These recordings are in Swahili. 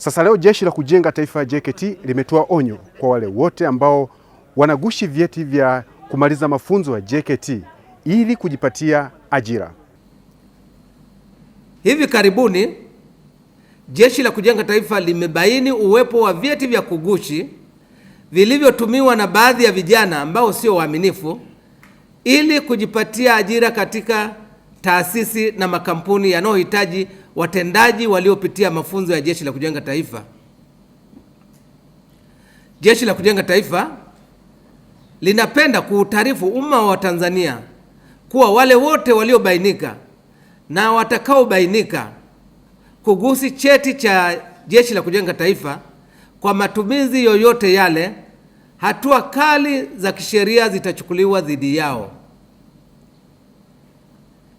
Sasa leo Jeshi la Kujenga Taifa JKT limetoa onyo kwa wale wote ambao wanagushi vyeti vya kumaliza mafunzo ya JKT ili kujipatia ajira. Hivi karibuni Jeshi la Kujenga Taifa limebaini uwepo wa vyeti vya kugushi vilivyotumiwa na baadhi ya vijana ambao sio waaminifu ili kujipatia ajira katika taasisi na makampuni yanayohitaji watendaji waliopitia mafunzo ya Jeshi la Kujenga Taifa. Jeshi la Kujenga Taifa linapenda kuutaarifu umma wa Tanzania kuwa wale wote waliobainika na watakaobainika kugusi cheti cha Jeshi la Kujenga Taifa kwa matumizi yoyote yale, hatua kali za kisheria zitachukuliwa dhidi yao.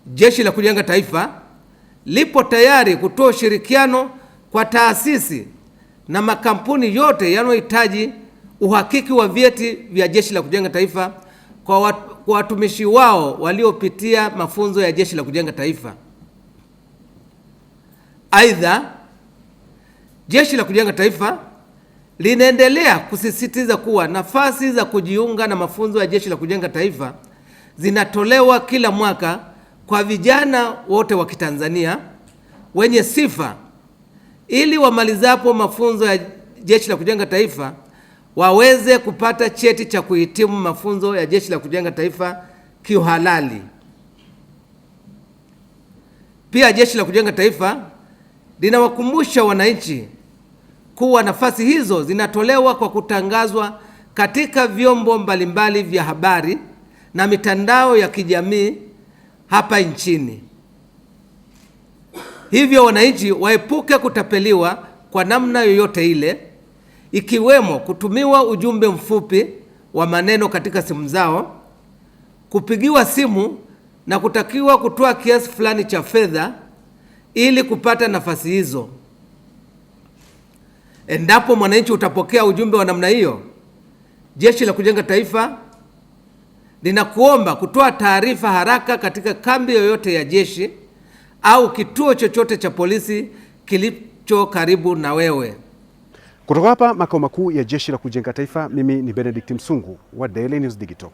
Jeshi la Kujenga Taifa lipo tayari kutoa ushirikiano kwa taasisi na makampuni yote yanayohitaji uhakiki wa vyeti vya Jeshi la Kujenga Taifa kwa watumishi wao waliopitia mafunzo ya Jeshi la Kujenga Taifa. Aidha, Jeshi la Kujenga Taifa linaendelea kusisitiza kuwa nafasi za kujiunga na mafunzo ya Jeshi la Kujenga Taifa zinatolewa kila mwaka kwa vijana wote wa Kitanzania wenye sifa ili wamalizapo mafunzo ya Jeshi la Kujenga Taifa waweze kupata cheti cha kuhitimu mafunzo ya Jeshi la Kujenga Taifa kiuhalali. Pia Jeshi la Kujenga Taifa linawakumbusha wananchi kuwa nafasi hizo zinatolewa kwa kutangazwa katika vyombo mbalimbali vya habari na mitandao ya kijamii hapa nchini. Hivyo wananchi waepuke kutapeliwa kwa namna yoyote ile, ikiwemo kutumiwa ujumbe mfupi wa maneno katika simu zao, kupigiwa simu na kutakiwa kutoa kiasi fulani cha fedha ili kupata nafasi hizo. Endapo mwananchi utapokea ujumbe wa namna hiyo, Jeshi la Kujenga Taifa ninakuomba kutoa taarifa haraka katika kambi yoyote ya jeshi au kituo chochote cha polisi kilicho karibu na wewe. Kutoka hapa makao makuu ya Jeshi la Kujenga Taifa, mimi ni Benedict Msungu wa Daily News Digital.